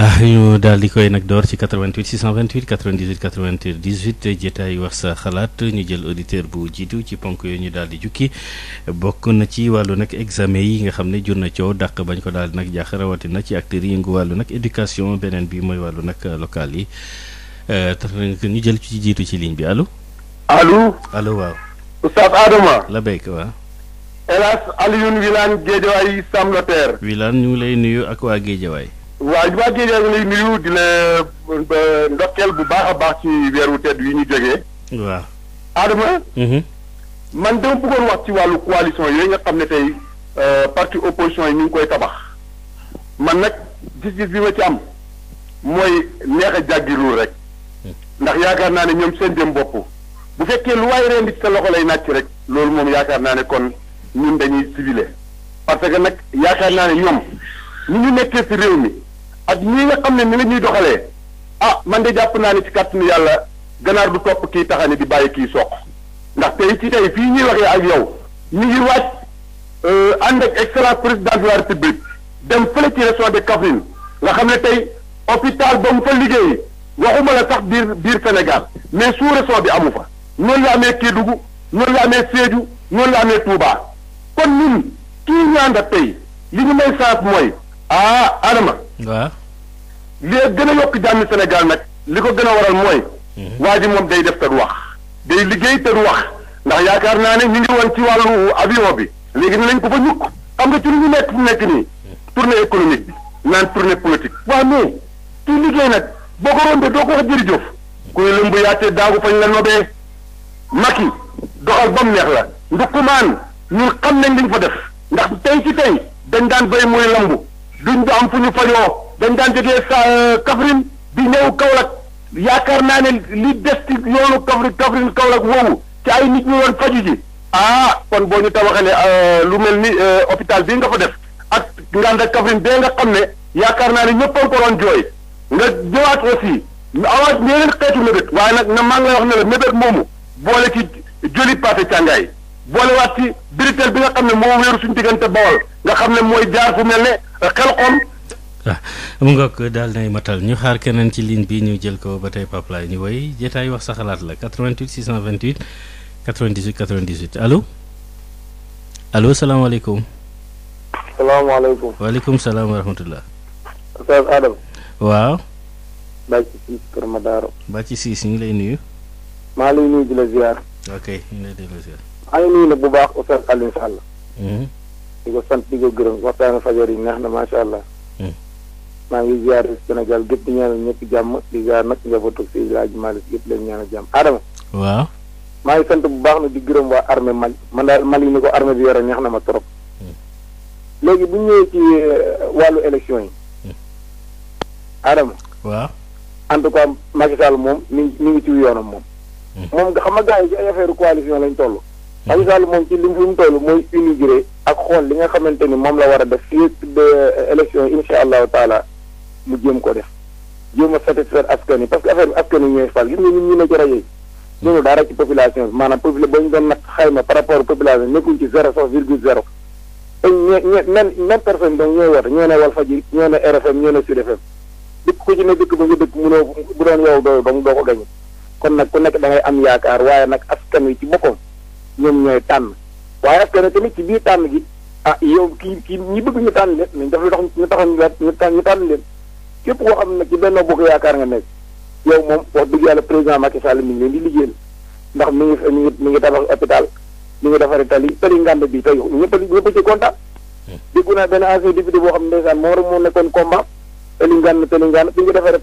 ah ñu daal di koy nag door ci 88 628 98 98 18 jotaay wax sa xalaat ñu jël auditeur bu jiitu ci ponk yooyu ñu daal di jukki bokk na ci wàllu nag examen yi nga xam ne jur na coow dàq bañ ko daal di nag jaax rawatina ci acteurs yi yëngu wàllu nag éducation beneen bi mooy wàllu nag local yi eh, tax ñu jël ci jiitu ci ligne bi allo. allo allo waaw. Oustaz Adama. la béyk waaw. El Hadj Alioune Wilane Géejawaay Sam Notaire. Wilane ñu ngi lay nuyu ak waa Géejawaay. waaw maa ngi lay nuyu di la ndokkeel bu baax a baax ci weeru tedd yi ñu jógee. waaw. Adama. Mhm. man dama bëggoon wax ci wàllu coalition yooyu nga xam ne tey euh, parti opposition yi ñu ngi koy tabax man nag gis-gis bi ma ci am mooy neex a jàggirul rek ndax yaakaar naa ne ñoom seen jëm bopp bu fekkee lu waay rendi ci sa loxo lay nàcc rek loolu moom yaakaar naa ne kon ñun dañuy civilé parce que nag yaakaar naa ne ñoom ni ñu nekkee ci réew mi. ak ñi nga xam ne ni la ñuy doxalee ah man de jàpp naa ne ci kàttanu yàlla ganaar du topp kii taxani di bàyyi kii soq ndax tey ci tey fii ñuy waxee ak yow ñu ngi wàcc euh, ànd ak excellence président de la république dem fële ci région de Kaffrine nga xam ne tey hôpital ba mu fa liggéey waxuma la sax biir biir Sénégal mais sous région bi amu fa noonu la amee Kédougou noonu la amee Sédhiou noonu la amee Touba kon ñun kii ñaanda tey li ñu may saas mooy ah Adama. waaw lee gën a yokk jàmmi Sénégal nag li ko gën a waral mooy. Mhm. waa ji moom day def te du wax. day liggéey te du wax ndax yaakaar naa ne ñu ngi woon ci wàllu avion bi. léegi nañ ko fa ñukk xam nga ci lu ñu nekk nekk nii. tournée économique bi. naan tournée politique. waaw mais kii liggéey nag boo ko rombee doo ko wax jërëjëf. kuy lëmb yaatee daagu fañ la nobee. Macky doxal ba mu neex la. ndukkumaan ñun xam nañ li ñu fa def. ndax tey ci tey dañ daan béy muy lambu duñ du am fu ñu fajoo. dañ daan jógee sa euh, Kaffrine di ñëw Kaolack yaakaar naa ne li des ci yoonu Kaffrine Kaffrine Kaolack woowu ci ay nit ñu woon faju ji ah kon boo ñu tabaxalee euh, lu mel ni euh, hôpital bi nga fa def ak Nganda Kaffrine bee nga xam ne yaakaar naa ne ñëpp a ko doon jooy nga ñëwaat aussi awaat yeneen xeetu mébét waaye nag na maa ngi lay wax ne la mébét moomu boole ci joli paase càngaay boolewaat ci biritel bi nga xam ne moo wéeru diggante bawol nga xam ne mooy jaar fu mel ne xel xom waaw ah, mu ngoog daal nay matal ñu xaar keneen ci liin bi ñu jël ko ba tey Pape Laye ñu woy jotaay wax sa xalaat la 88 628 98 98 allo allo salaamaaleykum. salaamaaleykum. waaleykum salaam wa rahmatullah. Oustaz Adam. waaw. Bàcc siis Kër Madaro. Bàcc siis ñu ngi lay nuyu. maa lay nuyu di la ziar. ñu lay nuyu di la ziar. nuyu nag bu baax Oustaz Alioune Sall. Mhm. di ko sant di yi neex na macha allah. maa ngi ziar Sénégal gépp di ñaanal ñëpp jàmm di ziar nag njabootu si laaj Malick yëpp leen ñaanal jàmm Adama. waaw. maa ngi sant bu baax na di gërëm waa armée Mali man daal Mali ni ko armée bi yore neex na ma trop. Hmm. léegi bu ñëwee ci euh, wàllu élection yi. Hmm. Adama. waaw. en tout cas Macky Sall moom mi ngi mi ngi ci yoonam moom. Hmm. moom xam nga gars yi ci ay affaire coalition lañ toll. Macky Sall moom ci li mu toll mooy inauguré ak xool li nga xamante ni moom la war a def fii de euh, élection yi incha mu jéem ko def jéem a satisfaire askan yi parce que affaire bi askan yi ñooy fal gis nga ñun ñu ne ci rajo yi loolu dara ci population bi maanaam ñooy woote ñoo ne Walfadjri ñoo ne RFM ñoo ne Sud dëkk ku ci ne dëkk ba nga dëkk mënoo bu doon yow doo dong doo ko gañe kon nag ku nekk da ngay am yaakaar waaye nag askan wi ci boppam ñoom ñooy tànn waaye askan wi tamit ci biir tànn gi ah yow kii kii ñi bëgg ñu tànn leen nañ tax ñu tax ñu tànn leen képp koo xam ne nag ci benn bokk yaakaar nga nekk yow moom wax dëgg yàlla président ma Sall mi ngi leen di liggéeyal ndax mi ngi mi ngi mi ngi tabax hôpital mi ngi defari tali tali ngànd bi tey ñëpp ñëpp ci kontaan. déggu naa benn ancien député boo xam ne ndeysaan moo moo nekkoon combat tali ngànd tali ni nag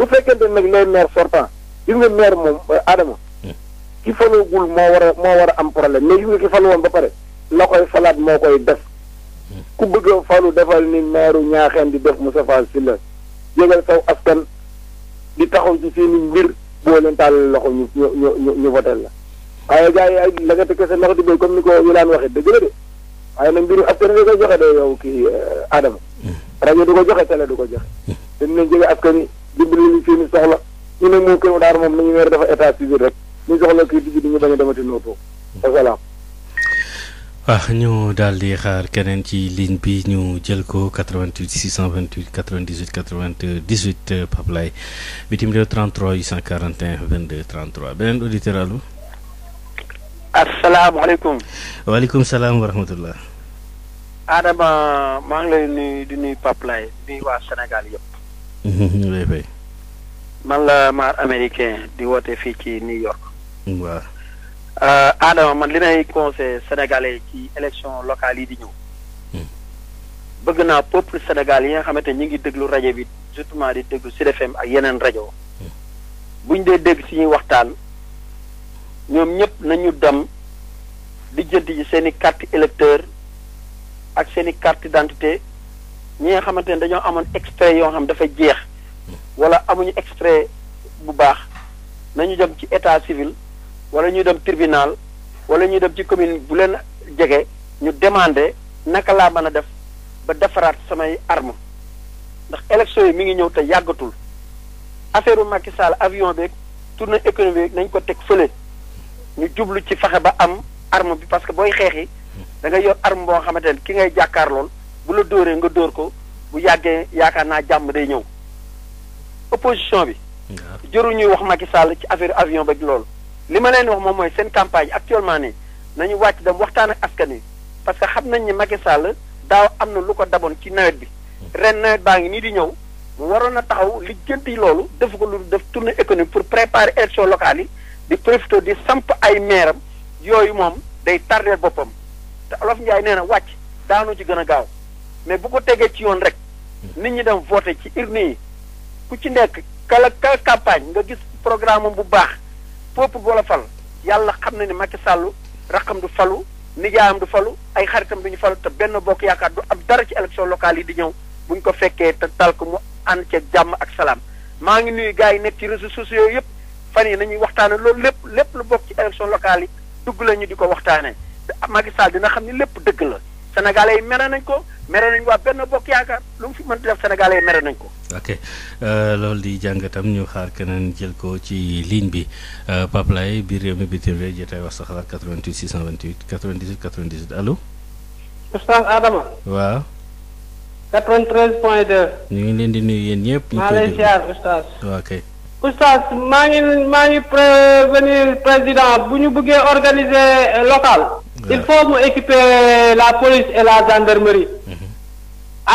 les maires sortants gis nga moom euh, Adama. ki moo war moo war am problème mais gis nga ki ba pare la koy falaat moo koy def. ku bëgg a falu defal ni meeru ñaaxeen di def mu Moustapha Sylla yëgal saw askan di taxaw ci seen mbir boo leen tàllal loxo ñu ñu ñu ñu votel la. waaye gars yi ay te kese naxati béy comme ni ko ñu daan waxee dëgg la de waaye nag mbiru askan wi da koy joxe de yow kii euh, Adama. Mm. rajo du ko joxe télé du ko joxe. Mm. dañu leen jege askan di dimbali leen seen i soxla ñu ne moo kër daara moom nañu weer dafa état civil rek ñu soxla kii di ñu bañ a demati nootoo. Mm. wasalaam. waa ñu daal di xaar keneen ci ligne bi ñu jël ko 88 628 98 98 Pape Lay bitim réew 33 841 22 33 beneen auditeur allo. asalaamaaleykum. waaleykum salaam wa rahmatullah. Adama maa ngi lay nuyu di nuyu Pape Lay di nuyu mhm, man la maar américain di woote fii ci New York. waaw. Euh, Adama man li nay conseil sénégalais ci élection locale yi di ñëw. Hmm. bëgg naa peuple Sénégal yi nga xamante ñu ngi déglu rajo bi justement di déglu Sud FM ak yeneen rajo. Hmm. buñ dee dégg si ñuy waxtaan ñoom ñëpp nañu dem di jënd ci seen i carte électeur ak seen i carte d'identité ñi nga xamante ne dañoo amoon extrait yoo xam dafa jeex. Hmm. wala amuñu extrait bu baax nañu dem ci état civil. wala ñuy dem tribunal wala ñuy dem ci commune bu leen jege ñu demander naka laa mën a def ba defaraat samay arme ndax élection yi mi ngi ñëw te yàggatul affaire Macky Sall avion beeg tournée économique nañ ko teg fële ñu jublu ci fexe ba am arme bi parce que booy xeexi da nga yor arme boo xamante ne ki ngay jàkkaarlool bu la dóoree nga dóor ko bu yàggee yaakaar naa jàmm day ñëw opposition bi. jëru ñuy wax Macky Sall ci affaire avion beeg loolu. li ma leen wax moom mooy seen campagne actuellement nii nañu wàcc dem waxtaan ak askan wi parce que xam nañ ne Macky Sall daaw am na lu ko daboon ci nawet bi ren nawet baa ngi nii di ñëw mu waroon a taxaw li jënti loolu def ko lu def tournée économique pour préparer élection locale yi di profité di samp ay meeram yooyu moom day tardeel boppam te Olof Ndiaye nee na wàcc daanu ci gën a gaaw mais bu ko tegee ci yoon rek nit ñi dem voté ci urni yi ku ci nekk kala campagne nga gis programme bu baax peuple boo la fal yàlla xam na ne Macky Sall rakkam du falu nijaayam du falu ay xaritam du ñu falu te benn bokk yaakaar du am dara ci élection locale yi di ñëw bu ko fekkee te tal ko mu ànd ca jàmm ak salaam maa ngi nuyu gars yi nekk ci réseau sociaux yëpp fan yi nañuy waxtaane loolu lépp lépp lu bokk ci élection locale yi dugg la di ko waxtaane Macky Sall dina xam ni lépp dëgg la sénégalais yi nañ ko mere nañ waa benn bokk yaakaar lu mu fi mën def Sénégalais yi mere nañ ko. ok euh, loolu di jàngatam ñu xaar keneen jël ko ci ligne bi euh, Pape Laye biir réew mi bitim réew jotaay wax sa xalaat 88 628 98 98 allo. Oustaz Adama. waaw. 93 point 2. ñu ngi leen di nuyu yéen ñëpp. ñu ngi koy déglu maa lay ziar Oustaz. waaw kay. Oustaz maa ngi maa ngi prévenir président bu ñu bëggee organiser euh, local. il faut mu équiper la police la gendarmerie. Mhm.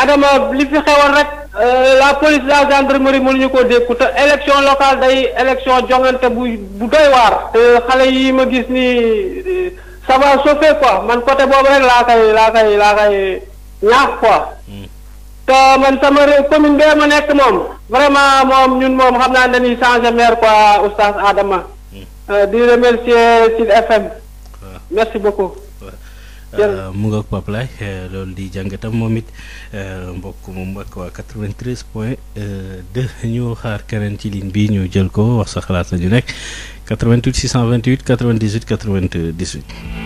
Adama li fi xewoon rek euh, la police la gendarmerie mënuñu koo dékku te élection locale day élection jongante bu bu doy waar. te xale yi ma gis nii ça va chauffer man côté boobu rek laa koy laa koy laa koy ñaax quoi. Hmm. te man sama réew commune bee ma nekk moom vraiment moom ñun moom xam naa dañuy changer maire a oustaz Adama. Hmm. Euh, di remercier Sud FM. merci beaucoup. Euh, mu nga Pape Laye euh, loolu di jàngatam moom it euh, mbokk moom ak waa 93 point 2 ñu xaar keneen ci bi ñu jël ko wax sa xalaat la ñu nekk 88 628 98 98.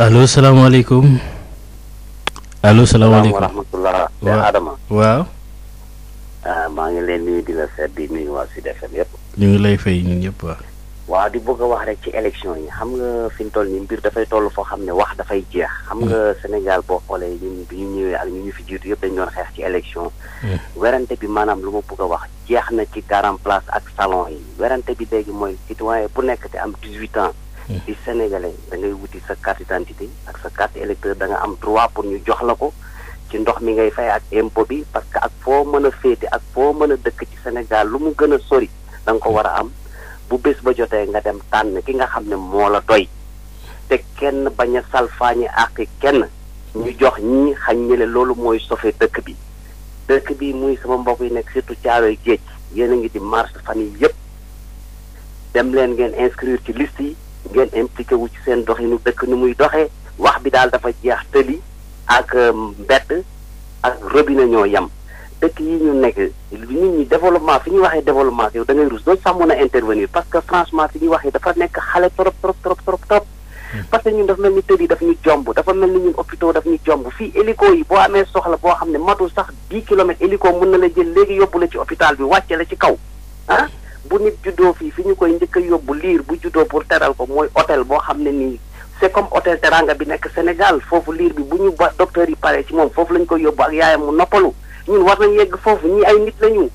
allo salaamaaleykum. allo salaamaaleykum rahmatullah Adama waaw. Ah, maa ngi leen nuyu di la seet di nuyu waa Sud yëpp. ñu ngi lay fay ñun ñëpp waaw. di bëgg a wax rek ci élection yi xam nga fi ñu toll nii mbir dafay toll foo xam ne wax dafay jeex. xam nga hmm. Sénégal boo xoolee ñun bi ñu ñëwee ak ñu ñu fi jiitu yëpp dañu doon xeex ci élection. Hmm. werante bi maanaam lu ma bëgg a wax jeex na ci garan place ak salon yi werante bi léegi mooy citoyen bu nekk te am 18 ans. ci sénégalais da wuti sa carte d'identité ak sa carte électeur da nga am droit pour ñu jox la ko ci ndox mi ngay fay ak impôt bi parce que ak foo mën a féete ak foo mën a dëkk ci Sénégal lu mu gën a sori danga ko war a am bu bés ba jotee nga dem tànn ki nga xam ne moo la doy te kenn bañ a salfaañi ak kenn ñu jox ñi xañ ñele loolu mooy sofe dëkk bi dëkk bi muy sama mbokk yi nekk surtout caaroy géej yéen a ngi di marche fan yi yépp dem leen ngeen inscrire ci liste yi ngeen impliqué wu ci seen doxinu dëkk nu muy doxee wax bi daal dafa jeex tëli ak euh, mbedd ak robinet ñoo yam dëkk yi ñu nekk nit ñi développement fi ñuy waxee développement yow dangay ngay rus loolu sax mën a intervenir parce que franchement fi ñuy waxee dafa nekk xale trop trop trop trop trop hmm. parce que ñun dafa mel ni tëli daf ñu jomb dafa mel ni ñun hôpitaux daf ñu jomb fii hélico yi boo amee soxla boo xam ne matul sax 10 kilomètres hélico mun na la jël léegi yóbbu la ci hôpital bi wàcce la ci kaw ah bu nit juddoo fii fi ñu koy njëkk a yóbbu liir bu juddoo pour teral ko mooy hôtel boo xam ne nii c'est comme hôtel Teranga bi nekk Sénégal foofu liir bi bu ñu ba docteur yi pare ci moom foofu lañ koy yóbbu ak yaayam mu noppalu ñun war nañ yegg foofu ñii ay nit lañu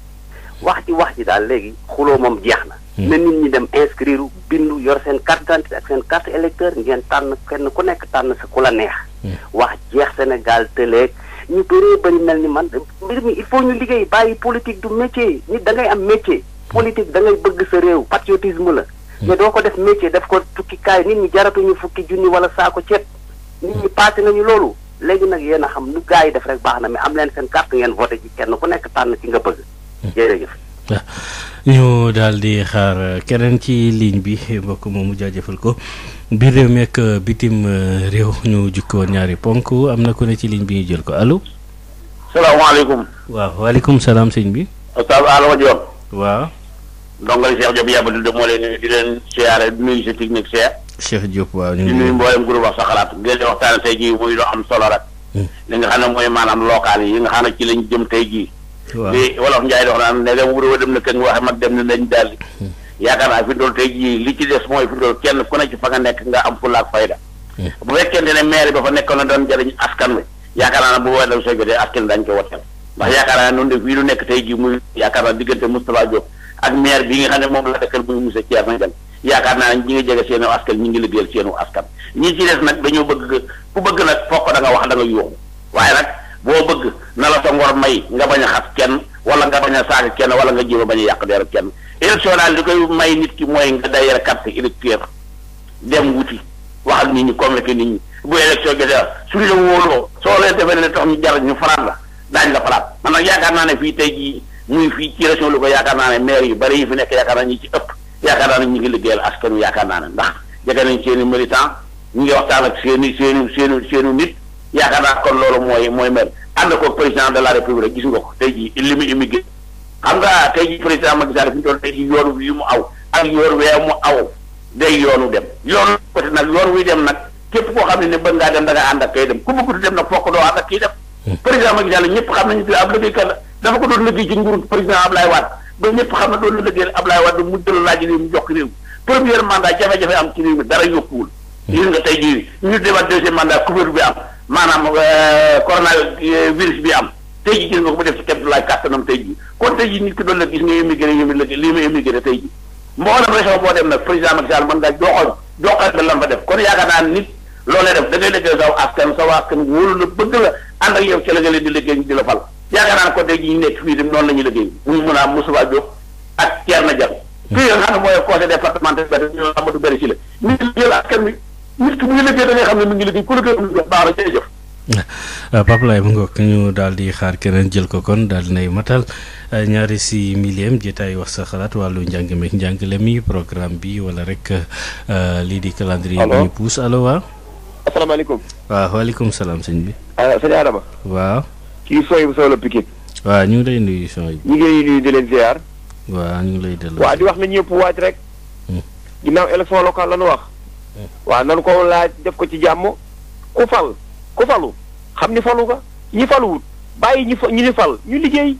wax ji wax ji daal léegi xuloo moom jeex na. Hmm. na nit ñi dem inscrire bindu yor seen carte d'identité ak seen carte électeur ngeen tànn kenn ku nekk tànn sa ku la neex. Hmm. wax jeex Sénégal tëleeg ñu bëree bëri mel ni man mbir mi il faut ñu liggéey bàyyi politique du métier nit da ngay am métier. politique da ngay bëgg sa réew patriotisme la hmm. mais doo ko def métier def ko tukki kaay nit ñi jaratuñu fukki junni wala saako ceeb nit ñi paase nañu loolu léegi nag yéen a xam nu gars yi def rek baax na mais am leen seen carte ngeen voté ci kenn ku nekk tànn ci nga bëgg hmm. jërëjëf waaw ah. ñu daal di xaar keneen ci ligne bi mbokk moomu jaajëfal ko biir réew mi ak bitim euh, réew ñu jukki woon ñaari ponk am na ku ne ci ligne bi ñu jël ko allo. salaamaaleykum. waaw waaleykum salaam sëñ bi. waaw. ndongal Cheikh Diop yabal di moo leen di leen siyaare di nuyu sa technique Cheikh. Cheikh Diop waaw ñu ngi nuyu mboolem wax sa xalaat ngeen di waxtaan tey jii muy lu solo rek. Hmm. li nga xam ne mooy maanaam local yi nga xam ci lañ jëm tey jii. waaw li wolof Ndiaye ne dem wuro dem na kenn waxe dem na nañ daal hmm. yaakaar naa fi mu doon tey li ci des mooy fi mu doon kenn ku nekk nga am fulla ak fayda. Hmm. bu fekkente ne maire ba fa nekkoon na doon jëriñ askan wi yaakaar naa ne bu boobaa dem soo jotee askan dañ ko wateel. ndax yaakaar naa noonu de fii lu nekk tey jii muy yaakaar naa diggante Moustapha Diop ak maire bi nga xam ne moom la dëkkal muy monsieur Thierno Diagne yaakaar naa ñi ngi jege boo bëgg na la sa ngor may nga bañ a xas kenn wala nga bañ a saaga kenn wala nga jéem a bañ a yàq nit ki mooy nga dayere carte électeur dem wuti wax ak nit ñi convaincre su ñu leen defee ne tax ñu jar ñu faral la daañu la falaat man nag yaakaar naa ne fii tey jii muy fii ci région Louga yaakaar naa ne maire yu bari yi fi nekk yaakaar naa ñi ci ëpp yaakaar naa ne ñu ngi liggéeyal askan wi yaakaar naa ne ndax jege nañ seen i militant ñu ngi waxtaan ak seen i seen i seen i nit yaakaar naa kon loolu mooy mooy maire ànd ko président de la république gis nga ko tey jii li mu immigré xam nga tey jii président Macky Sall fi ñu toll tey jii yoon wi mu aw ak yoon wee yoonu dem yoonu côté nag yoon wuy dem nag képp koo xam ne ne bëgg ngaa dem da ànd ak kay ku bëggutu dem nag fokk doo ànd ak kii dem président Macky Sall xam nañu ne ab liggéeykat la dafa ko doon liggéey ci nguuru président Ablaye Wade ba ñëpp xam ne doon na liggéeyal Ablaye Wade mu jël mu jox réew bi am maanaam euh, coronavirus bi am tey mu def ki doon la gis nga émigré yi muy lii muy émigré tey jii mboolem région boo dem nag président Macky ngaa joxoon joxal nga lan fa def kon yaakaar naa nit loolee def da ngay saw askan saw askan wóolu la bëgg la ànd ak yow ca la nga leen di liggéey di la fal yaakaar naa ko tey jii ñu nekk fii dem noonu la ñuy liggéey mu mun a Moustapha Diop ak Thierno Diagne fii hmm. nga xam ne mooy conseil départemental ba ñu Amadou Bari si la ñu jël askan bi nit ki mu ngi liggéey da nga xam ne mu ngi liggéey ku liggéey mu ngi jox baax na jërëjëf ah, Pape Laye mu ngoog ñu daal di xaar keneen jël ko kon daal di nay matal ah, ñaari si millième jotaay wax sa xalaat wàllu njàng meeg njàngale mi programme bi wala rek ah, lii di calendrier bi ñu puus allo waaw asalaamaaleykum waaw waaleykum salaam sëñ bi ah sëñ Adama. waaw. kii Soy bu Sowla Pikine. waaw ñu ngi lay nuyu Soy. ñu ngi lay di leen ziar. waaw ñu lay delloo. waa di wax na ñëpp waaj rek. Hmm. ginnaaw élection locale la ñu wax. Hmm. waa nan ko laaj def ko ci jàmm. ku fal ku falu xam ni falu ko ñi faluwut bàyyi ñi fa ñi ni fal ñu liggéey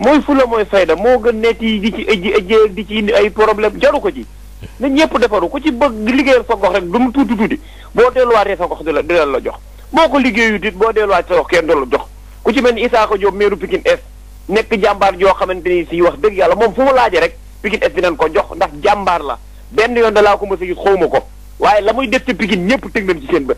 mooy fula mooy fayda moo gën nekk yi di ci ëjj di ci indi ay problème jaru ko ci. Hmm. na ñëpp defaru ko ci bëgg liggéeyal sa gox rek du mu tuuti tuuti boo delluwaatee sa gox di la di la jox. boo ko liggéeyut it boo delluwaat sa wax kenn du la jox ku ci mel ni Isaaxa Diop meeru Pikine Est nekk jàmbaar joo xamante ni si wax dëgg yàlla moom fu mu laajee rek Pikine Est dinañ ko jox ndax jàmbaar la benn yoon da laa ko mos a ko waaye la muy def ci Pikine ñëpp teg nañ ci seen bët.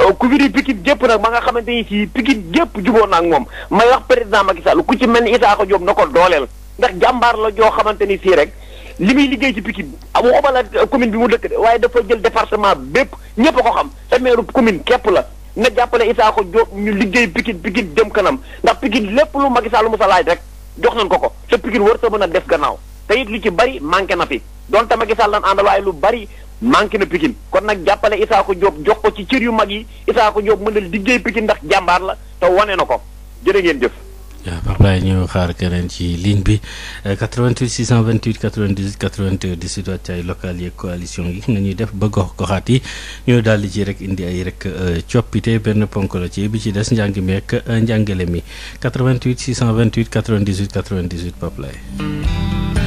Euh, ku fi di jëpp nag ba nga xamante ni si Pikine jëpp jubóo na moom may wax président Macky Sall ku ci mel ni Isaaxa Diop na ko dooleel ndax jàmbar la joo xamante ni sii rek. li muy liggéey ci Pikine ah, waxuma la commune bi mu dëkk waaye dafa jël département bépp ñëpp ko xam te meeru képp la na jàppale Isaaxa Diop ñu liggéey Pikine Pikine jëm kanam ndax Pikine lépp lu Macky Sall musa laaj rek jox nañ ko ko te Pikine war sa mën a def gannaaw te it lu ci bari manqué na fi donte Macky Sall lan àndal lu bari manqué na Pikine kon nag jàppale Isaaxa Diop jox ko ci cër yu mag yi Isaaxa Diop mën a liggéey Pikine ndax jàmbaar la te wane na ko jërë ngeen jëf. waaw euh, Pape Laye ñu xaar keneen ci ligne bi 88 628 98 82 di ci ay local yeeg coalition yi nañuy def ba gox goxaat yi ñu daal di ci rek indi ay rek euh, coppite benn ponk la ci bi ci des njàng mi ak euh, njàngale mi 88 628 98 98 Pape Laye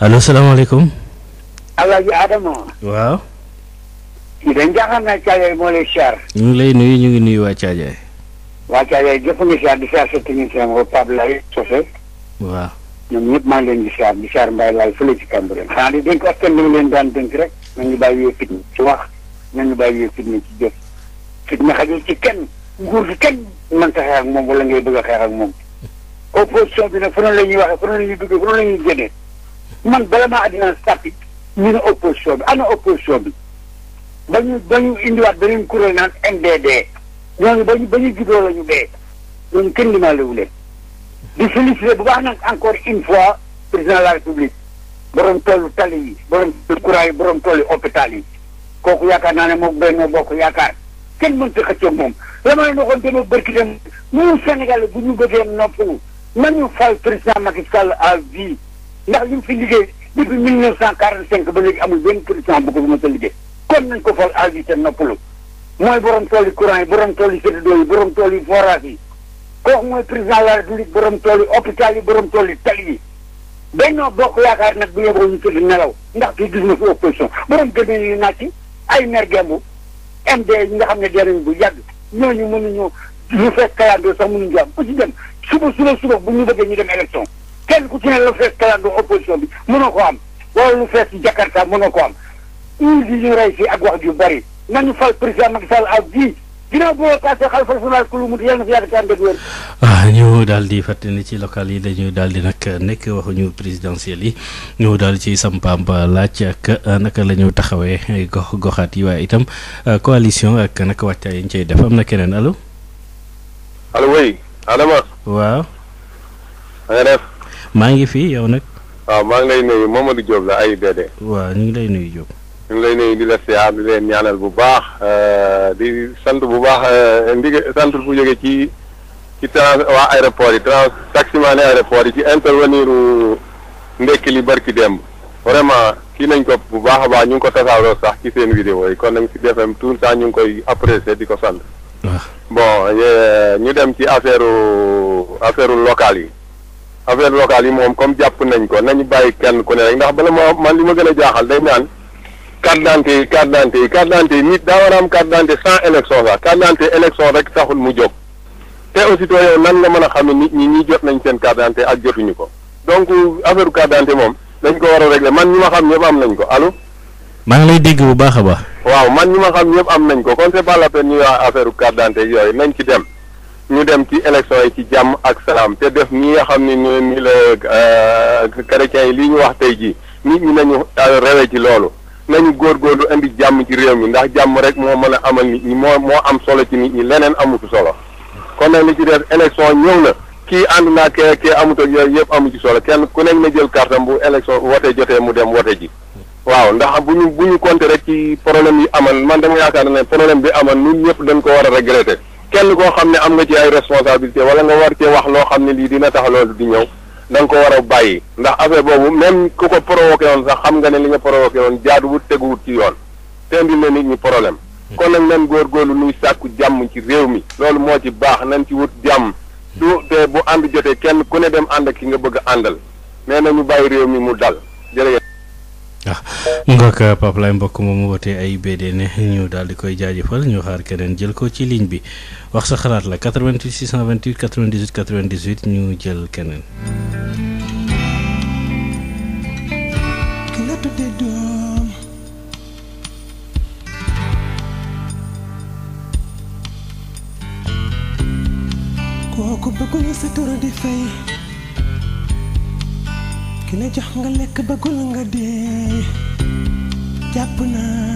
allo salaamaaleykum. Alaaji Adama. waaw. kii dañ jaaxal naa Caajaay moo lay siyaar. ñu ngi lay nuyu ñu ngi nuyu waa Caajaay. waa Caajaay jëpp nga siyaar di siyaar sa technicien ba Pape Lay Sose. waaw ñoom ñëpp maa ngi leen di siyaar di siyaar Mbaye Lay fële ci Cambérène. xanaa di dénk askan bi leen daan dénk rek nañu bàyyi yee fitna ci wax nañu bàyyi yee fitna ci jëf fitna xajul ci kenn nguur gi kenn man xeex ak moom wala ngay bëgg a xeex ak moom opposition bi nag fu ne la ñuy waxee fu man bala maa àddina sàppi ñu ne opposition bi ana opposition bi ba ñu ba ñu indiwaat beneen kuréel naan MDD ñooñu ba ñu ba ñu juddoo la ñu dee ñooñu kenn di félicité bu baax nag encore une fois président de la république borom tollu tali yi borom tollu courant borom tollu hôpital yi kooku yaakaar naa ne moom benn bokk yaakaar kenn mën ci moom la ma leen waxoon dama bërki dem ñun Sénégal bu ñu bëggee noppalu nañu fal président Macky Sall à vie ndax li fi liggéey depuis mille neuf cent quarante cinq ba léegi amul benn président bu ko mos a liggéey kon nañ ko fal àgg te noppalu mooy borom tool yi yi borom tool yi séddoo yi borom tool yi forage yi kooku mooy président de la république borom tool yi hôpital yi borom tool yi tali yi bennoo bokk yaakaar nag bu yeboo ñu tëdd nelaw ndax kii gis na fi opposition borom gëmee yu nàcc ay mer gembu MD yi nga xam ne dee nañ bu yàgg ñooñu mënuñu ñu fekk kalandoo sax mënuñu am ku ci dem suba suba suba bu ñu bëggee ñu dem élection kenn ku ci ne la fees kalaat opposition bi mënoo ko am wala lu fees Jakarta mënoo ko am uus yi ñu rey fii ak wax ju bari nañu fal président Macky Sall ak bii ginnaaw boo paasee xalifa général ku ñu daal di fàttali ci local yi dañu daal di nag nekk waxuñu présidentielles yi ñu daal ci sampaam ba laaj ak naka la ñu taxawee gox goxaat yi waaye itam ah, coalition ak naka wàccaay yi ñu cay def am na keneen allo. allo oui Adama. waaw. maa ngi fi yow nag. waaw maa ngi lay nuyu Mamadou Diop la AIBD. waaw ñu ngi lay nuyu Diop. ñu lay nuyu di la siyaar di leen ñaaneel bu baax euh, di sant bu baax euh, ndige sant bu jóge ci ci trans waa aéroport yi trans taximaane aéroport yi ci intervenir ndekki li barki dem vraiment kii nañ ko bu baax a baax ñu ngi ko tasaaroo sax ci seen vidéo yi kon nag si DFM tout ça ñu ngi koy apprécier di ko sant. Ah. bon euh, ñu dem ci affaire affaire locale yi. affaire locale yi moom comme jàpp nañ ko nañu bàyyi kenn ku ne rek ndax bala moo man li ma gën a jaaxal day naan carte d'identité yi carte d'identité yi carte d'identité yi nit daa war a am carte d'identité sans élection sax carte d'identité élection rek taxul mu jóg te aussitôt yow nan la mën a xam ne nit ñi ñi jot nañ seen carte ak jotuñu ko donc affaire carte d'identité moom dañ ko war a régler man ñi ma xam ñëpp am nañ ko alo maa ngi lay dégg bu baax a baax. waaw man ñi ma xam ñëpp am nañ ko kon c'est affaire carte d'identité yooyu nañ ci dem. ñu dem ci élection yi ci jàmm ak salaam te def nii nga xam ne ni la euh, chrétiens yi lii ñu wax tey jii nit ñi nañu euh, rewe ci loolu nañu góorgóorlu indi jàmm ci réew mi ndax jàmm rek moo mën a amal nit ñi moo moo am solo ci nit ñi leneen amutu solo kon nag li ci def élection ñëw na kii ànd naa kee kee amut ak yëpp amu ci solo kenn ku nekk na jël kartam bu élection wote jotee mu dem wote ji waaw ndax bu ñu bu ñu compter rek ci problème yi amal man dama yaakaar ne problème bi amal ñun ñëpp dañ ko war a regretter kenn koo xam ne am nga ci ay responsabilité wala nga war cee wax loo xam ne lii dina tax loolu di ñëw da ko war a bàyyi ndax affaire boobu même ku ko provoqué woon sax xam nga ne li nga provoqué woon jaaduwut wut ci yoon te indi na nit ñu problème hmm. kon nag nan góorgóorlu nuy sàkku jàmm ci réew mi loolu moo ci baax nan ci wut jàmm du hmm. te bu ànd jotee kenn ku ne dem ànd ak ki nga bëgg a àndal mais nañu bàyyi réew mi mu dal jërëjëf ah ngoog eh, Pape Lay mbokk moomu wootee ay BDN ñu daal di koy jaajëfal ñu xaar keneen jël ko ci ligne bi wax sa xalaat la 88 628 98 98 ñu jël keneen. ki la jox nga lekk bëggul nga dee jàpp naa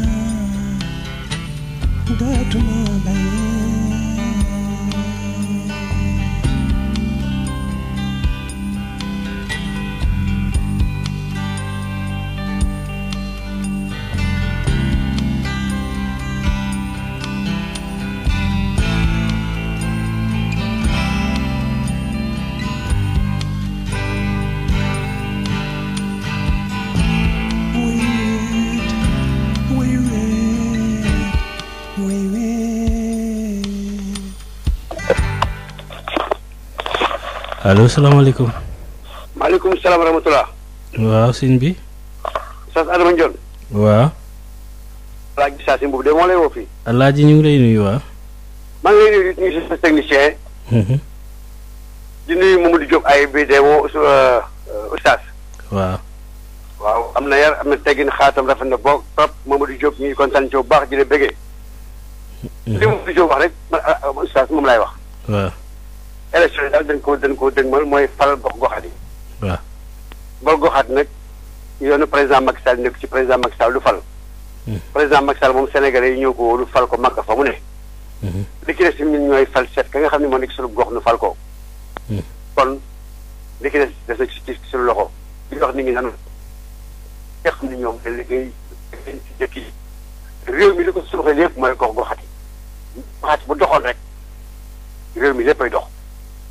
dootuma bañ allo salaamaaleykum. maaleykum salaam wa rahmatulah. waaw bi. Oustaz Adama Ndione. waaw. Alaaji ñu ngi lay nuyu waaw. maa ay bi mhm. euh, am na yar am na teggin xaatam rafet na boog trop Mamadou Diop ñu ngi kontaan ci bu baax di bëggee. Mhm. li ah, ah, moom laay wax. waaw. élection yi daal dañ ko dañ ko dëgmal mooy faral gox goxaat yi. waaw gox goxaat nag yoonu président Macky Sall nekk ci président Macky Sall du fal. Hmm. président Macky Sall moom Sénégalais yi ñëw ko fal ko mag fa mu ne. Hmm. li ci des ñun ñooy fal seet ka nga xam ne moo nekk suñu gox nu fal ko. Hmm. kon li ci des des na ci loxo li wax ni ngi nan nga xam ne ñoom dañ liggéey dañ mi li ko suuxal yëpp mooy gox goxaat yi bu doxoon rek réew mi léppay dox.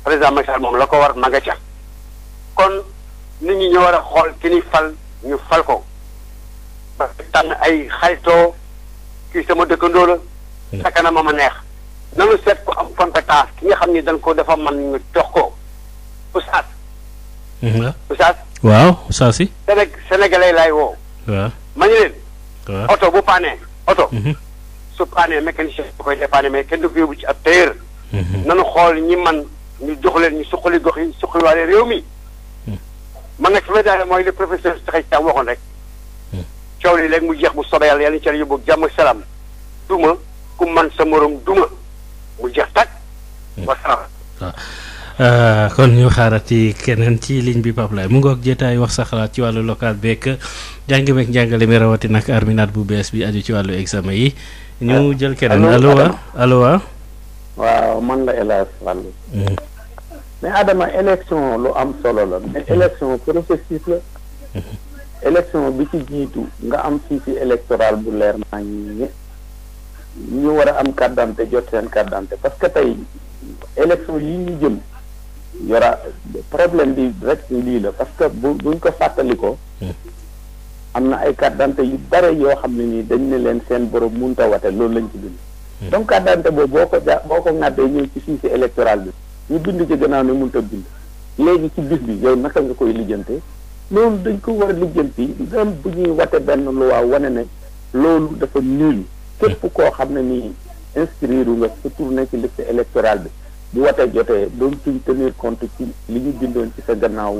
président Macky moom la ko war ma nga ca kon nit ñi ñu war a xool ki ni fal ñu fal ko ba tànn ay xaritoo kii sama dëkkandoo la mm. sakana ma ma neex nanu seet ko am compétence ki nga xam ni dañ ko dafa man ñu jox ko oustaz mm-hmm. oustaz waaw oustaz si Sénég sénégalais laay woo ma ñu leen oto bu paanee oto mm-hmm. su paanee mécanicien bu koy dépanne mais kenn du ko ci ab tailleur mm-hmm. nanu xool ñi man ñu jox leen ñu suqali gox yi suqaliwaale réew mi. Hmm. man nag mooy le professeur hmm. li léegi mu jeex bu soobee yàlla yàlla ci yóbbu jàmm salaam. duma man sa moroom duma mu jeex tàkk. Hmm. wa salaam. waaw ah. ah, kon ñu xaarati keneen ci ligne bi Pape Laye mu ngoog jotaay wax sa xalaat ci wàllu local beeg jàng meeg njàngale mi rawatina ak arminaat bu bees bi aju ci wàllu examen yi. ñu ah. jël keneen allo allo waaw man la El Hadj Fall eh. mais Adama élection lu am solo la mais eh. élection processus la eh. élection bi ci jiitu nga am fichier si électoral bu leer naa ñi ñu war a am carte d'identité jot seen carte d'identité parce que tey élection yi ñu jëm yora problème bi rek lii la parce que bu buñ ko fàttali ko am na ay carte d'identité yu bare yoo xam ne nii dañ ne leen seen borom munta wate loolu lañ ci dund Hmm. donc carte d'identité boobu boo ko ja boo ko ŋàddee ñëw ci fichier électoral bi ñu bind ci gannaaw ne mënut a bind léegi ci bis bi yow naka nga koy lijjante loolu dañ ko war a lijjanti bu ñuy wate benn loi wane ne loolu dafa nul képp koo xam ne nii inscrire nga sa nekk ci liste bi bu watee jotee doon tuñ tenir compte ci ñu bindoon ci sa gannaaw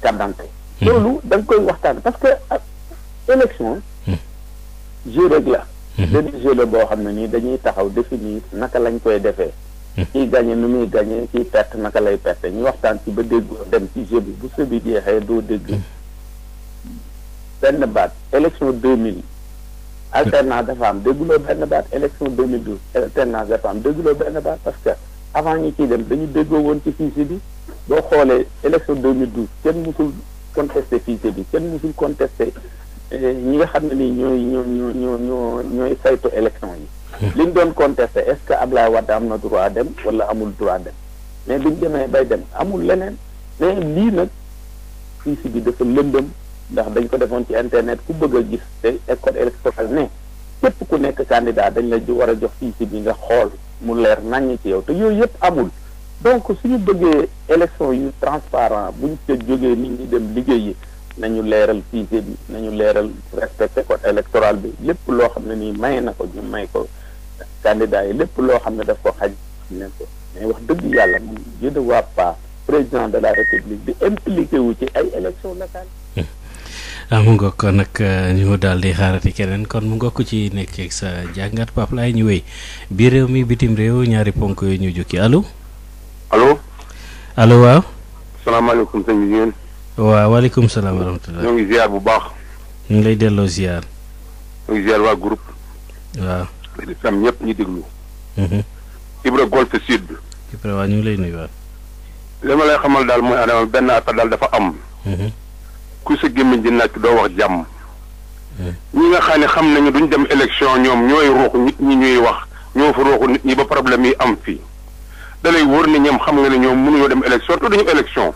kàddante hmm. loolu da nga koy waxtaan parce que ah, élection hmm. jeu la Mhm. benn jeu la boo xam ne nii dañuy taxaw définir naka lañ koy defee mhm. kiy gagné nu muy gagné kiy perte naka lay perte ñu waxtaan ci ba déggoo dem ci jeu bi bu jeu bi jeexee doo dégg mhm. benn baat élection 2000 alternance dafa am dégguloo benn baat élection 2012 alternance dafa am dégguloo benn baat parce que avant ñu ciy dem dañu déggoo woon ci fichier bi boo xoolee élection 2012 kenn musul contesté fichier bi kenn musul contesté Eh, ñi nga xam ne nii ñooy ñoo ñoo ñoo ñooy saytu élection yi. Hmm. li ñu doon contesté est-ce que Ablaye Wade am na droit dem wala amul droit dem mais bi ñu demee bay dem amul leneen mais lii nag fiisi bi dafa lëndëm ndax dañ ko defoon ci internet ku bëgg a gis te code électoral ne képp ku nekk candidat dañ la war a jox fiisi bi nga xool mu leer naññ ci yow te yooyu yëpp amul. donc suñu bëggee élection yu transparent buñ ca jógee nit ñi dem liggéey yi nañu leeral fichier bi nañu leeral respecté code électoral bi lépp loo xam ne nii may na ko ñu may ko candidat yi lépp loo xam ne daf ko xaj ne ko mais wax dëgg yàlla moom je ne ci ay élections locales. ah mu ngoog kon nag euh, ñu daal di xaarati keneen kon mu ngokk ci nekk ci sa jàngat Pape Laye ñu wéy bi réew mi bitim réew ñaari ponk yooyu ñu jukki allo. allo. allo waaw. salaamaaleykum sëñ bi waaw waaleykum salaam wa ñoo ngi ziar bu baax. ñu lay delloo ziar. ñoo ngi ziar waa groupe. waaw. di sam ñëpp ñu diglu mhm. Ibra Golfe Sud. Ibra waa ñu ngi lay nuyuwaat. li ma lay xamal daal mooy Adama benn atta daal dafa am. Mhm. ku sa gémmiñ di nàkk doo wax jàmm. Mhm. ñi nga xam ne xam nañu duñ dem élection ñoom ñooy ruux nit ñi ñuy wax ñoo fa ruuxu nit ñi ba problème yi am fii. da lay wóor ñoom xam nga ne ñoom mënuñoo dem élection te duñu élection.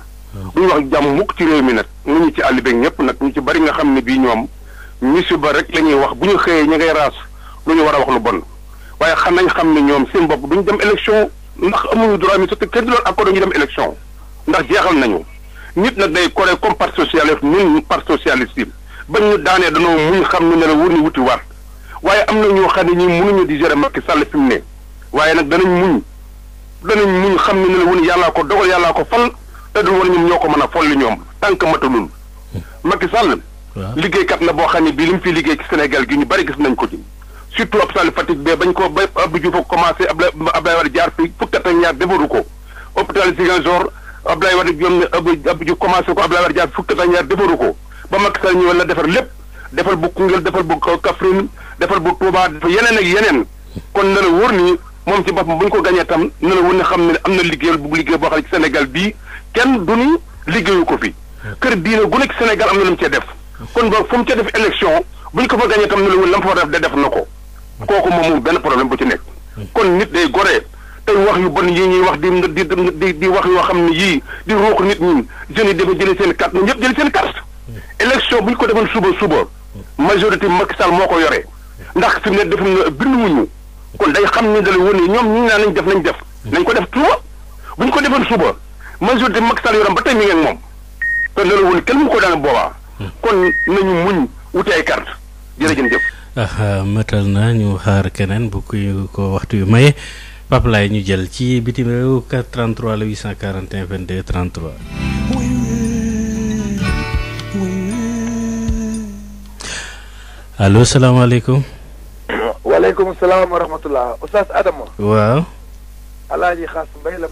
duñu wax jàmm mukk ci réew mi nag nu ñu ci àll beeg ñëpp nag ñu ci bari nga xam ne bii ñoom musiba rek la ñuy wax bu ñu xëyee ñu ngay raas lu ñu war a wax lu bon waaye xam nañ xam ne ñoom seen bopp duñ dem élection ndax amuñu droit mi surtout kenn du ak accordé ñu dem élection ndax jeexal nañu nit nag day koree comme parti socialiste ñun parti socialiste yi bañ ñu daanee danoo muñ xam ne ne la wur ni wuti war waaye am na ñoo xam ne ñi mënuñu di gérer Macky Sall fi mu ne waaye nag danañ muñ danañ muñ xam ne ne la wun yàllaa ko dogal yàllaa ko fal te du woon ñoom ñoo ko mën a folli ñoom tant que matalul. Macky Sall. liggéeykat la boo xam ne bii li mu fi liggéey ci Sénégal gi ñu bari gis nañ ko ci. surtout hôpital Fatick bee bañ ko ba Abdou Diouf a commencé Abdoulaye Abdoulaye Wade jaar fii ko. hôpital Ziguinchor Abdoulaye Wade ñoom Abdou Diouf commencé ko Abdoulaye Wade jaar fukki at ak ñaar defaru ko ba Macky defar lépp defar bu Koungheul defar bu Kaffrine defar bu Touba defar yeneen ak yeneen. kon na la wóor ni moom ci boppam bu ñu ko gañee tam na la wóor xam ne am na liggéey bu liggéey boo xam ne ci Sénégal bii kenn du ni liggéeyu ko fi. kër diine gu nekk Sénégal am na lu mu cee def. kon boog fu mu cee def élection bu ñu ko fa gagné tam ne la lam fa def de def na ko. kooku moom benn problème bu ci nekk. kon nit day goree tey wax yu bon yi ñuy wax di di di di wax yoo xam ne yii di ruux nit ñi jeunes yi dafa jëlee seen carte ñëpp jëlee seen carte. élection bu ñu ko defoon suba suba. majorité Macky Sall moo ko yore. ndax fi mu ne def na binduwuñu. kon day xam ne da lay wane ñoom ñu naan nañ def nañ def. nañ ko def suba bu ñu ko defoon suba. majorité Macky Sall yoram ba tey mi moom te loolu woon kenn mu ko daan boobaa. Hmm. kon nañu muñ wuti ay carte jërëjëf. Hmm. Ah, ah matal na ñu xaar keneen bu kuy ko waxtu yu maye Pape ñu jël ci bitim réew 433 la 841 22 33. allo salaamaaleykum. waaleykum salaam wa rahmatulah Oustaz Adama. waaw. El Hadj Xaas Mbaye la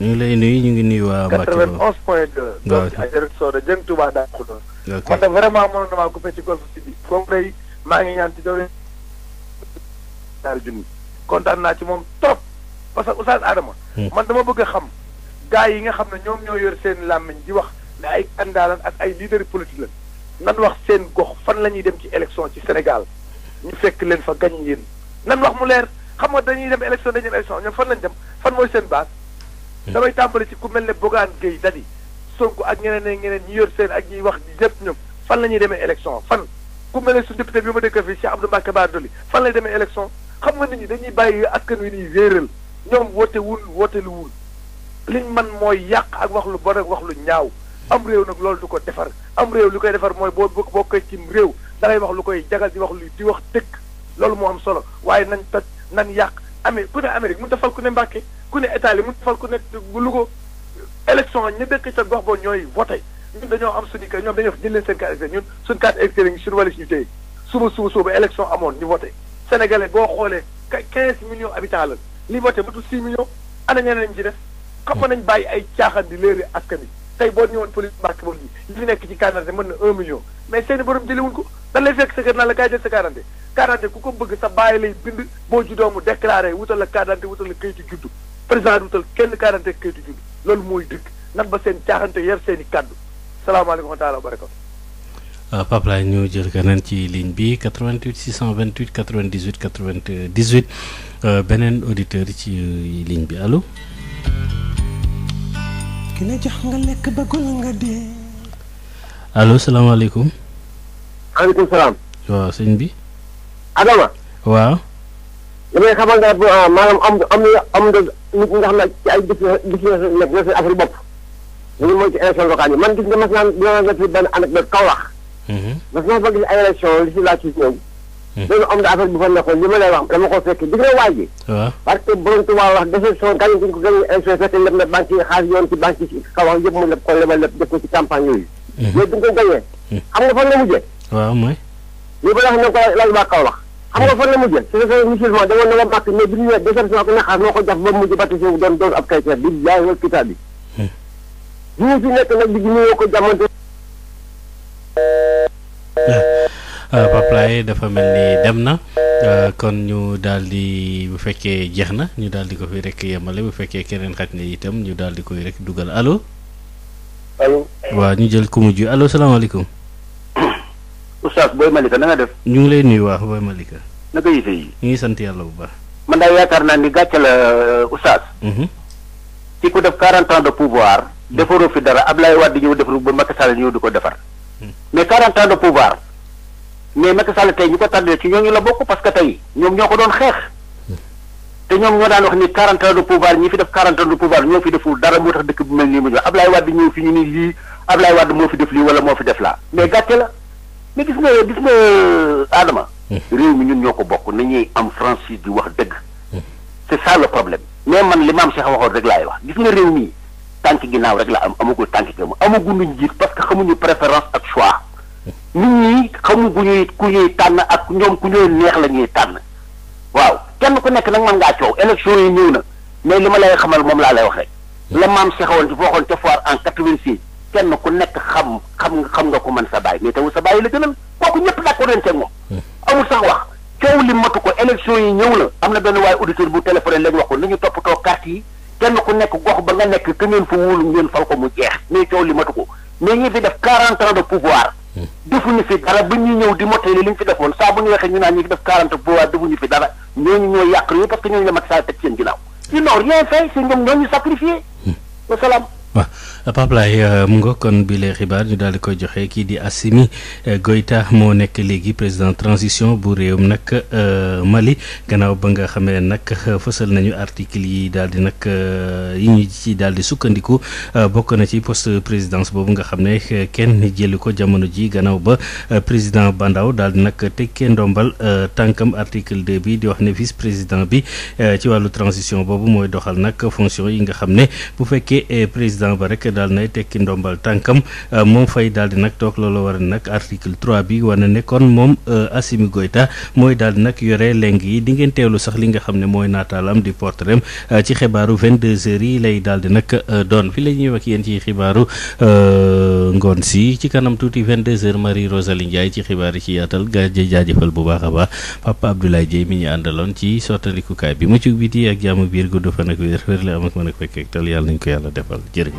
ñu ngi lay nuyu ñu ngi nuyu waa. Mbacke Ba 91 point 2. waaw daa ko vraiment mënoon na maa coupé ci golf maa ngi ñaan ci doole ñaari junni kontaan naa ci moom trop parce que Oustaz Adama. Hmm. man dama bëgg a xam gars yi nga xam ne ñoom ñoo yor seen làmmiñ di wax ne ay kandaalan ak ay leader politique la nan wax seen gox fan la ñuy dem ci élection ci Sénégal ñu fekk leen fa gañ yéen nan wax mu leer xam nga dañuy dem élection dañuy dem élection ñoom fan lañ dem fan mooy seen base. damay tàmbali ci ku mel ne Bougane Gueye Dany Sonko ak ñeneen ak ngeneen ñi yor seen ak ñuy wax ñëpp ñoom fan la ñuy demee élection fan ku mel ne suñu député bi ma dëkk fii am Abdou Mbacke Bara Dolly fan lay demee élection xam nga nit ñi dañuy bàyyi askan wi nii réeral ñoom woote wul woote lu wul liñ man mooy yàq ak wax lu bon ak wax lu ñaaw am réew nag loolu du ko defar am réew lu koy defar mooy boo boo koy cim réew da wax lu koy jagal di wax lu di wax dëgg loolu moo am solo waaye nañ toj nañ yàq amee ku ne Amérique mënut a fal ku ne Mbàkke ku ne Italie mënut a fal ku ne Louga élection ñu dëkk ca gox ba ñooy voté ñun dañoo am suñu kër ñoom dañoo jël leen seen carte ñun suñu carte électorale yi suñu wàllu si tey suba suba suba élection amoon ñu voté sénégalais boo xoolee quinze millions habitants la li voté matul six millions ana ñeneen ci def xam nañ bàyyi ay caaxaan di léeri askan wi tey boo ñëwoon police Mbàkke boobu li fi nekk ci Canada mën na un million mais seen borom jëliwuñ ko da lay fekk sa kër na kaay jël sa carte d'identité carte ku ko bëgg sa bàyyi lay bind boo juddoo mu déclaré wutal la carte d'identité wutal la kayitu juddu président wutal kenn carte d'identité juddu loolu mooy dëgg nan ba seen caaxante yer seen i kàddu salaamaaleykum wa taala wa euh, ñu jël keneen ci ligne bi 88 628 98 98 beneen auditeur ci euh, ligne bi allo. ki ne jox nga lekk bëggul nga dee. allo salaamaaleykum. maaleykum salaam. waaw sëñ bi. Adama. waaw. damay xamal ne ah, maanaam am am na am na nit ñi nga xam ne ci ay business business nekk na seen affaire bopp. ñu mooy ci élection locale yi man gis nga mas naan dina la fi benn anecdote Kaolack. Mhm. mas naa fa gis ay li si laaj si ñoom. Mhm. loolu am na affaire bu fa nekkoon li ma lay wax dama ko fekk di nga waaj ji. waaw parce que borom tubaab wax décision gagné ko gagné élection fekk leb na banque yi yoon ci banque yi si Kaolack yëpp mu ko ci campagne yooyu. yooyu mhm. du nga ko waaw mooy. lii ba tax na ko laaj waa Kaolack. xam nga fan la mujjee su fekkee musulman demoon na ba màkk mais bi ñu nee déception ak naxaar moo ko jaf ba mujj baptisé wu doon doon bi yaay wal kitaab ko jamonte. Ah, ah, Pape dafa mel ni dem na ah, kon ñu daal di bu fekkee jeex na ñu daal di ko fi rek yemale bu fekkee keneen xaj na itam ñu daal di koy rek dugal allo. allo ñu jël ku mujj allo salaamaaleykum. oustaz Boy Malika na nga def. ñu ngi lay nuyu waaw Boy Malika. naka yite yi. ñu ngi sant yàlla bu baax. man daal yaakaar naa ni gàcce la ci euh, mhm. ku def 40 de pouvoir. Mhm. defaroo fi dara Ablaye Wade ñëw defar ba Macky Sall ñëw du ko defar. Mhm. mais 40 ans de pouvoir. mais Macky Sall tey ñu ko tànnee ci ñooñu la bokk parce que tey ñoom ñoo ko doon xeex. te ñoom ñoo daan wax ni 40 de pouvoir ñi fi def 40 de pouvoir ñoo fi deful ñu ni lii Ablaye Wade moo fi def lii wala moo mais gis nga gis nga Adama. réew mi ñun ñoo ko bokk nañuy am franchise di wax dëgg. c'est ça le problème. mais man li am Cheikh waxoon rek laay wax gis nga réew mi tànk ginnaaw rek la am amagul tànk ginnaaw amaguñu njiit parce que xamuñu préférence ak choix. nit ñi xamuguñuy ku ñuy tànn ak ñoom ku ñuy neex la ñuy tànn. waaw kenn ku nekk nag man ngaa coow élection yi ñëw na mais li ma lay xamal moom laa lay wax rek. la maam Cheikh waxoon ci waxoon ca foire en 86. kenn ku nekk xam xam xam nga ko mën sa bàyyi mais tewu sa bàyyi la gënal kooku ñëpp d'accord nañ ci moom. Hmm. amul sax wax coow li matu ko élection yi ñëw na am na benn waaye auditeur bu téléphoné léegi wax ko ni ñu toppatoo carte yi kenn ku nekk gox ba nga nekk te ngeen fa wóolu ngeen fal ko mu jeex mais coow li matu ko mais ñi fi def 40 ans de pouvoir. Hmm. defuñu fi dara ba ñuy ñëw di motali li ñu fi defoon saa bu ñu waxee ñu naan ñi fi def 40 pouvoir defuñu waaw Pape Laye euh, mu nga kon bi lee xibaar ñu daal di koy joxe kii di Assimi euh, Goïta moo nekk léegi président transition bu réewum nag euh, Mali gannaaw ba nga xamee nag fësal nañu article yi daal di nag yi ñu ci daal di sukkandiku bokk na ci post présidence boobu nga xam ne kenn jëli ko jamono ji gannaaw ba président Bandaw daal di nag tekkee ndombal tànkam article 2 bi di wax ne vice président bi ci wàllu transition boobu mooy doxal nag fonction yi nga xam ne bu fekkee président ba rek daal nay tekki ndombal tànkam euh, moom fay daal di nag toog loolu war nag article 3 bi war na ne kon moom euh, Assimi Goïta mooy daal di nag yore leng yi di ngeen teewlu sax li nga xam ne mooy naataalam di portrait euh, ci xibaaru 22h yi lay daal di nag doon fi la ñuy wax yéen ci xibaaru ngoon si ci kanam tuuti 22h Marie Rosalie Ndiaye ci xibaar yi ci yaatal ga jaajëfal bu baax a baax Papa Abdoulaye Dieye mi ñu àndaloon ci sottalikukaay bi mucc bi di ak jàmm biir gudd fan ak la am